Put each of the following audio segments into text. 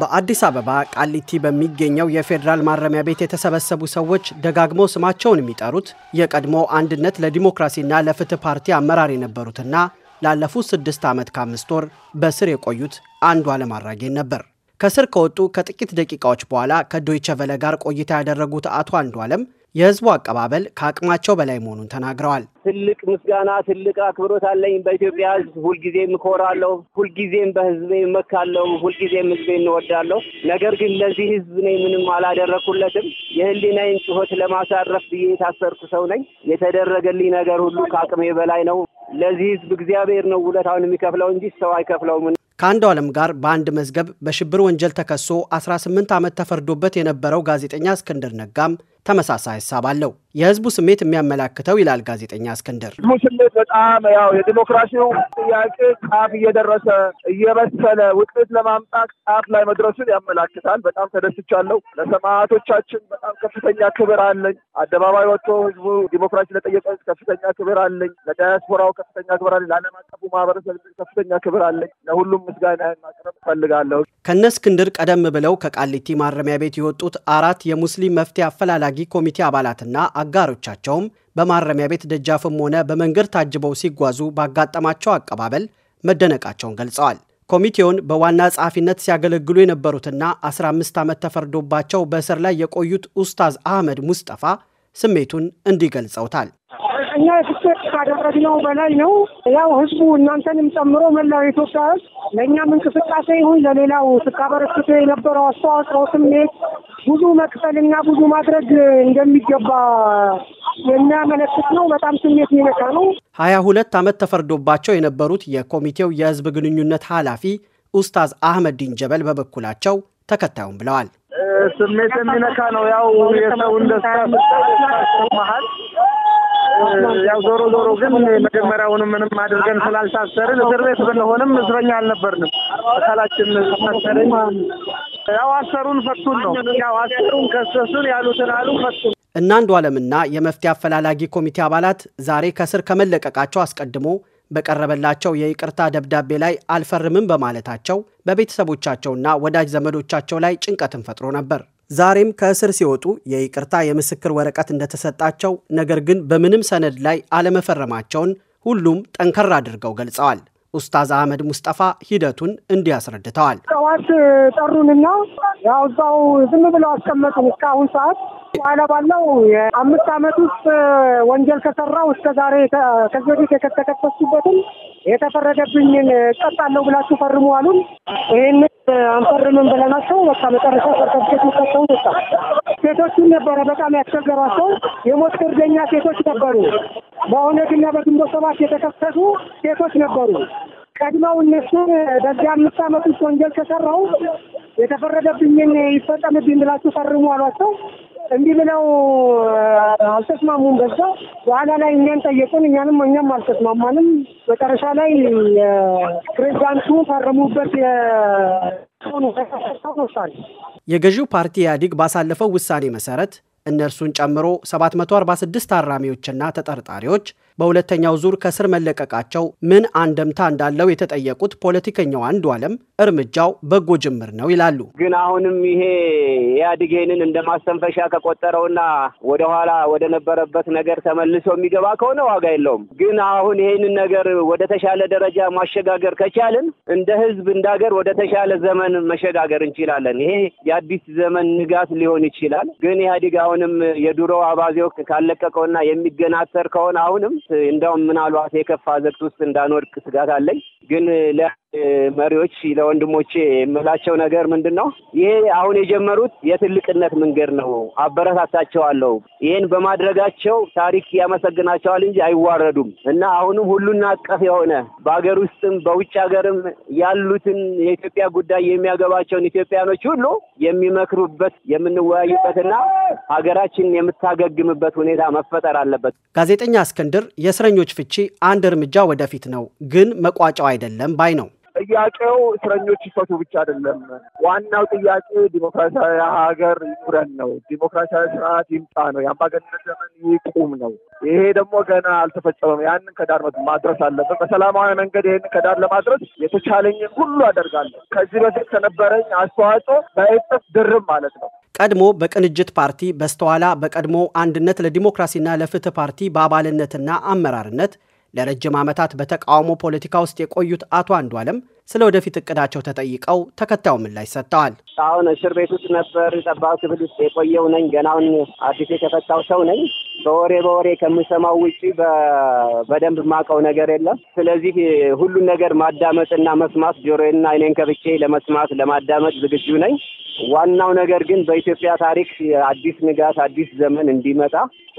በአዲስ አበባ ቃሊቲ በሚገኘው የፌዴራል ማረሚያ ቤት የተሰበሰቡ ሰዎች ደጋግሞ ስማቸውን የሚጠሩት የቀድሞ አንድነት ለዲሞክራሲና ለፍትህ ፓርቲ አመራር የነበሩትና ላለፉት ስድስት ዓመት ከአምስት ወር በስር የቆዩት አንዱ ዓለም አራጌን ነበር። ከስር ከወጡ ከጥቂት ደቂቃዎች በኋላ ከዶይቸ ቨለ ጋር ቆይታ ያደረጉት አቶ አንዱ ዓለም የህዝቡ አቀባበል ከአቅማቸው በላይ መሆኑን ተናግረዋል። ትልቅ ምስጋና፣ ትልቅ አክብሮት አለኝ በኢትዮጵያ ህዝብ። ሁልጊዜም እኮራለሁ፣ ሁልጊዜም በህዝቤ እመካለሁ፣ ሁልጊዜም ህዝቤ እንወዳለሁ። ነገር ግን ለዚህ ህዝብ ነኝ ምንም አላደረግኩለትም። የህሊናይን ጩኸት ለማሳረፍ ብዬ የታሰርኩ ሰው ነኝ። የተደረገልኝ ነገር ሁሉ ከአቅሜ በላይ ነው። ለዚህ ህዝብ እግዚአብሔር ነው ውለታውን የሚከፍለው እንጂ ሰው አይከፍለውም። ከአንዱ ዓለም ጋር በአንድ መዝገብ በሽብር ወንጀል ተከሶ 18 ዓመት ተፈርዶበት የነበረው ጋዜጠኛ እስክንድር ነጋም ተመሳሳይ ሀሳብ አለው። የህዝቡ ስሜት የሚያመላክተው ይላል ጋዜጠኛ እስክንድር፣ ህዝቡ ስሜት በጣም ያው የዲሞክራሲው ጥያቄ ጫፍ እየደረሰ እየበሰለ ውጤት ለማምጣት ጫፍ ላይ መድረሱን ያመላክታል። በጣም ተደስቻለሁ። ለሰማዕቶቻችን በጣም ከፍተኛ ክብር አለኝ። አደባባይ ወጥቶ ህዝቡ ዲሞክራሲ ለጠየቀ ከፍተኛ ክብር አለኝ። ለዳያስፖራው ከፍተኛ ክብር አለኝ። ለዓለም አቀፉ ማህበረሰብ ከፍተኛ ክብር አለኝ። ለሁሉም ምስጋና ማቅረብ እፈልጋለሁ። ከነ እስክንድር ቀደም ብለው ከቃሊቲ ማረሚያ ቤት የወጡት አራት የሙስሊም መፍትሄ አፈላላጊ አስፈላጊ ኮሚቴ አባላትና አጋሮቻቸውም በማረሚያ ቤት ደጃፍም ሆነ በመንገድ ታጅበው ሲጓዙ ባጋጠማቸው አቀባበል መደነቃቸውን ገልጸዋል። ኮሚቴውን በዋና ጸሐፊነት ሲያገለግሉ የነበሩትና 15 ዓመት ተፈርዶባቸው በእስር ላይ የቆዩት ኡስታዝ አህመድ ሙስጠፋ ስሜቱን እንዲህ ገልጸውታል። እኛ የፍትህ ካደረግነው በላይ ነው። ያው ህዝቡ እናንተንም ጨምሮ መላው የኢትዮጵያ ህዝብ ለእኛም እንቅስቃሴ ይሁን ለሌላው ስታበረክቶ የነበረው አስተዋጽኦ ስሜት ብዙ መክፈል እና ብዙ ማድረግ እንደሚገባ የሚያመለክት ነው። በጣም ስሜት የሚነካ ነው። ሀያ ሁለት ዓመት ተፈርዶባቸው የነበሩት የኮሚቴው የህዝብ ግንኙነት ኃላፊ ኡስታዝ አህመዲን ጀበል በበኩላቸው ተከታዩም ብለዋል። ስሜት የሚነካ ነው። ያው የሰውን ደስታ ያው ዞሮ ዞሮ ግን መጀመሪያውንም ምንም አድርገን ስላልታሰርን እስር ቤት ብንሆንም እስረኛ አልነበርንም። አካላችን መሰረኝ ያው አሰሩን ፈቱን ነው። ያው አሰሩን ከሰሱን ያሉትን አሉ ፈቱን እና አንዱ አለምና የመፍትሄ አፈላላጊ ኮሚቴ አባላት ዛሬ ከስር ከመለቀቃቸው አስቀድሞ በቀረበላቸው የይቅርታ ደብዳቤ ላይ አልፈርምም በማለታቸው በቤተሰቦቻቸውና ወዳጅ ዘመዶቻቸው ላይ ጭንቀትን ፈጥሮ ነበር። ዛሬም ከእስር ሲወጡ የይቅርታ የምስክር ወረቀት እንደተሰጣቸው ነገር ግን በምንም ሰነድ ላይ አለመፈረማቸውን ሁሉም ጠንከር አድርገው ገልጸዋል። ኡስታዝ አህመድ ሙስጠፋ ሂደቱን እንዲያስረድተዋል። አስረድተዋል። ጠዋት ጠሩንና ያው እዛው ዝም ብለው አስቀመጡን እስካሁን ሰዓት በኋላ ባለው የአምስት ዓመት ውስጥ ወንጀል ከሰራው እስከ ዛሬ ከዚህ በፊት የተከሰሱበትን የተፈረደብኝን እቀጣለሁ ብላችሁ ፈርሙ አሉን። ይህን አንፈርምም ብለናቸው በቃ መጨረሻ ሰርተፍኬት ሚሰጠውን ወጣ። ሴቶቹን ነበረ በጣም ያስቸገሯቸው የሞት ፍርደኛ ሴቶች ነበሩ። በኦነግና በግንቦት ሰባት የተከሰሱ ሴቶች ነበሩ። ቀድመው እነሱን በዚህ አምስት አመት ውስጥ ወንጀል ከሰራው የተፈረደብኝን ይፈጸምብኝ ብላችሁ ፈርሙ አሏቸው። እንዲህ ብለው አልተስማሙም። በዛ በኋላ ላይ እኛን ጠየቁን። እኛንም እኛም አልተስማማንም። መጨረሻ ላይ ፕሬዚዳንቱ ፈርሙበት ውሳኔ የገዢው ፓርቲ ኢህአዲግ ባሳለፈው ውሳኔ መሰረት እነርሱን ጨምሮ 746 ታራሚዎችና ተጠርጣሪዎች በሁለተኛው ዙር ከስር መለቀቃቸው ምን አንደምታ እንዳለው የተጠየቁት ፖለቲከኛው አንዱ አለም እርምጃው በጎ ጅምር ነው ይላሉ። ግን አሁንም ይሄ ኢህአዴግንን እንደ ማስተንፈሻ ከቆጠረውና ወደኋላ ወደ ነበረበት ነገር ተመልሶ የሚገባ ከሆነ ዋጋ የለውም። ግን አሁን ይሄንን ነገር ወደ ተሻለ ደረጃ ማሸጋገር ከቻልን እንደ ህዝብ እንደ ሀገር ወደ ተሻለ ዘመን መሸጋገር እንችላለን። ይሄ የአዲስ ዘመን ንጋት ሊሆን ይችላል። ግን ኢህአዴግ አሁንም የዱሮ አባዜው ካለቀቀውና የሚገናተር ከሆነ አሁንም እንዳውም ምናልባት የከፋ ዘግት ውስጥ እንዳንወድቅ ስጋት አለኝ። ግን ለመሪዎች ለወንድሞቼ የምላቸው ነገር ምንድን ነው? ይሄ አሁን የጀመሩት የትልቅነት መንገድ ነው። አበረታታቸዋለሁ። ይህን በማድረጋቸው ታሪክ ያመሰግናቸዋል እንጂ አይዋረዱም እና አሁንም ሁሉን አቀፍ የሆነ በሀገር ውስጥም በውጭ ሀገርም ያሉትን የኢትዮጵያ ጉዳይ የሚያገባቸውን ኢትዮጵያኖች ሁሉ የሚመክሩበት የምንወያዩበትና ሀገራችን የምታገግምበት ሁኔታ መፈጠር አለበት። ጋዜጠኛ እስክንድር የእስረኞች ፍቺ አንድ እርምጃ ወደፊት ነው፣ ግን መቋጫው አይደለም ባይ ነው። ጥያቄው እስረኞች ይፈቱ ብቻ አይደለም። ዋናው ጥያቄ ዲሞክራሲያዊ ሀገር ይኑረን ነው። ዲሞክራሲያዊ ስርዓት ይምጣ ነው። የአምባገነንነት ዘመን ይቁም ነው። ይሄ ደግሞ ገና አልተፈጸመም። ያንን ከዳር ማድረስ አለብን። በሰላማዊ መንገድ ይህንን ከዳር ለማድረስ የተቻለኝን ሁሉ አደርጋለሁ። ከዚህ በፊት ከነበረኝ አስተዋጽኦ በእጥፍ ድርብ ማለት ነው። ቀድሞ በቅንጅት ፓርቲ በስተኋላ በቀድሞ አንድነት ለዲሞክራሲና ለፍትህ ፓርቲ በአባልነትና አመራርነት ለረጅም ዓመታት በተቃውሞ ፖለቲካ ውስጥ የቆዩት አቶ አለም ስለ ወደፊት እቅዳቸው ተጠይቀው ተከታዩ ምላሽ ሰጥተዋል። አሁን እስር ቤት ውስጥ ነበር ጠባብ ክፍል ውስጥ የቆየው ነኝ። ገናውን አዲስ የተፈታው ሰው ነኝ። በወሬ በወሬ ከምሰማው ውጭ በደንብ የማውቀው ነገር የለም። ስለዚህ ሁሉን ነገር ማዳመጥና መስማት ጆሮዬና አይኔን ከብቼ ለመስማት ለማዳመጥ ዝግጁ ነኝ። ዋናው ነገር ግን በኢትዮጵያ ታሪክ አዲስ ንጋት አዲስ ዘመን እንዲመጣ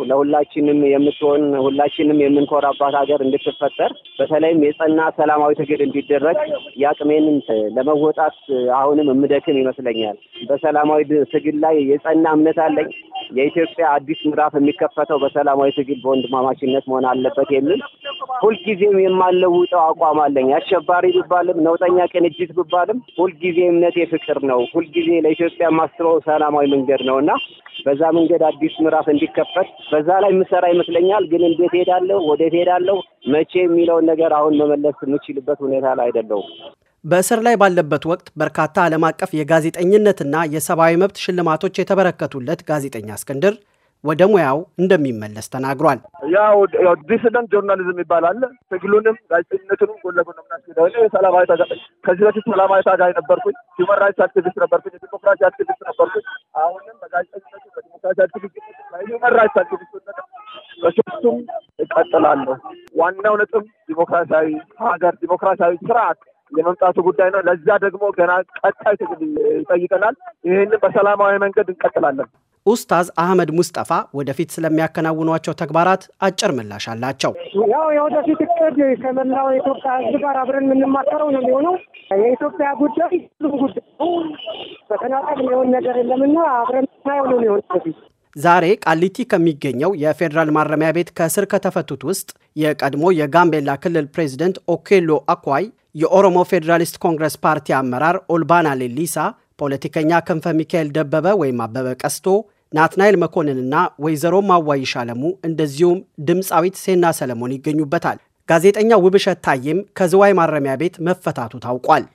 ለሁላችንም የምትሆን ሁላችንም የምንኮራባት ሀገር እንድትፈጠር በተለይም የጸና ሰላማዊ ትግል እንዲደረግ የአቅሜንም ለመወጣት አሁንም እምደክም ይመስለኛል። በሰላማዊ ትግል ላይ የጸና እምነት አለኝ። የኢትዮጵያ አዲስ ምዕራፍ የሚከፈተው በሰላማዊ ትግል በወንድማማችነት መሆን አለበት የሚል ሁልጊዜም የማለውጠው አቋም አለኝ። አሸባሪ ብባልም ነውጠኛ ቅንጅት ብባልም ሁልጊዜ እምነቴ ፍቅር ነው። ሁልጊዜ ለኢትዮጵያ ማስበው ሰላማዊ መንገድ ነው እና በዛ መንገድ አዲስ ምዕራፍ እንዲከፈት በዛ ላይ የምሰራ ይመስለኛል። ግን እንዴት ሄዳለሁ፣ ወዴት ሄዳለሁ፣ መቼ የሚለውን ነገር አሁን መመለስ የምችልበት ሁኔታ ላይ አይደለሁም። በእስር ላይ ባለበት ወቅት በርካታ ዓለም አቀፍ የጋዜጠኝነትና የሰብአዊ መብት ሽልማቶች የተበረከቱለት ጋዜጠኛ እስክንድር ወደ ሙያው እንደሚመለስ ተናግሯል። ያው ዲስደንት ጆርናሊዝም ይባላል። ትግሉንም ጋዜጠኝነቱንም ጎን ለጎን ምናስሄደ ሰላማዊ ታጋይ ከዚህ በፊት ሰላማዊ ታጋይ ነበርኩኝ። ሂውማን ራይትስ አክቲቪስት ነበርኩኝ። የዲሞክራሲ አክቲቪስት ነበርኩኝ። አሁንም በጋዜጠኝ የመራ አቻችልነት በሶስቱም እቀጥላለሁ። ዋናው ነጥብ ዲሞክራሲያዊ ሀገር፣ ዲሞክራሲያዊ ስርዓት የመምጣቱ ጉዳይ ነው። ለዛ ደግሞ ገና ቀጣይ ትግል ይጠይቀናል። ይህንን በሰላማዊ መንገድ እንቀጥላለን። ኡስታዝ አህመድ ሙስጠፋ ወደፊት ስለሚያከናውኗቸው ተግባራት አጭር ምላሽ አላቸው። ያው የወደፊት እቅድ ከመላው የኢትዮጵያ ሕዝብ ጋር አብረን የምንማከረው ነው የሚሆነው። የኢትዮጵያ ጉዳይ ሁሉም ጉዳይ ነው። በተናጠል የሚሆን ነገር የለምና አብረን ዛሬ ቃሊቲ ከሚገኘው የፌዴራል ማረሚያ ቤት ከእስር ከተፈቱት ውስጥ የቀድሞ የጋምቤላ ክልል ፕሬዚደንት ኦኬሎ አኳይ፣ የኦሮሞ ፌዴራሊስት ኮንግረስ ፓርቲ አመራር ኦልባና ሌሊሳ፣ ፖለቲከኛ ክንፈ ሚካኤል ደበበ ወይም አበበ ቀስቶ፣ ናትናኤል መኮንንና ወይዘሮ ማዋይሽ አለሙ እንደዚሁም ድምፃዊት ሴና ሰለሞን ይገኙበታል። ጋዜጠኛ ውብሸት ታዬም ከዝዋይ ማረሚያ ቤት መፈታቱ ታውቋል።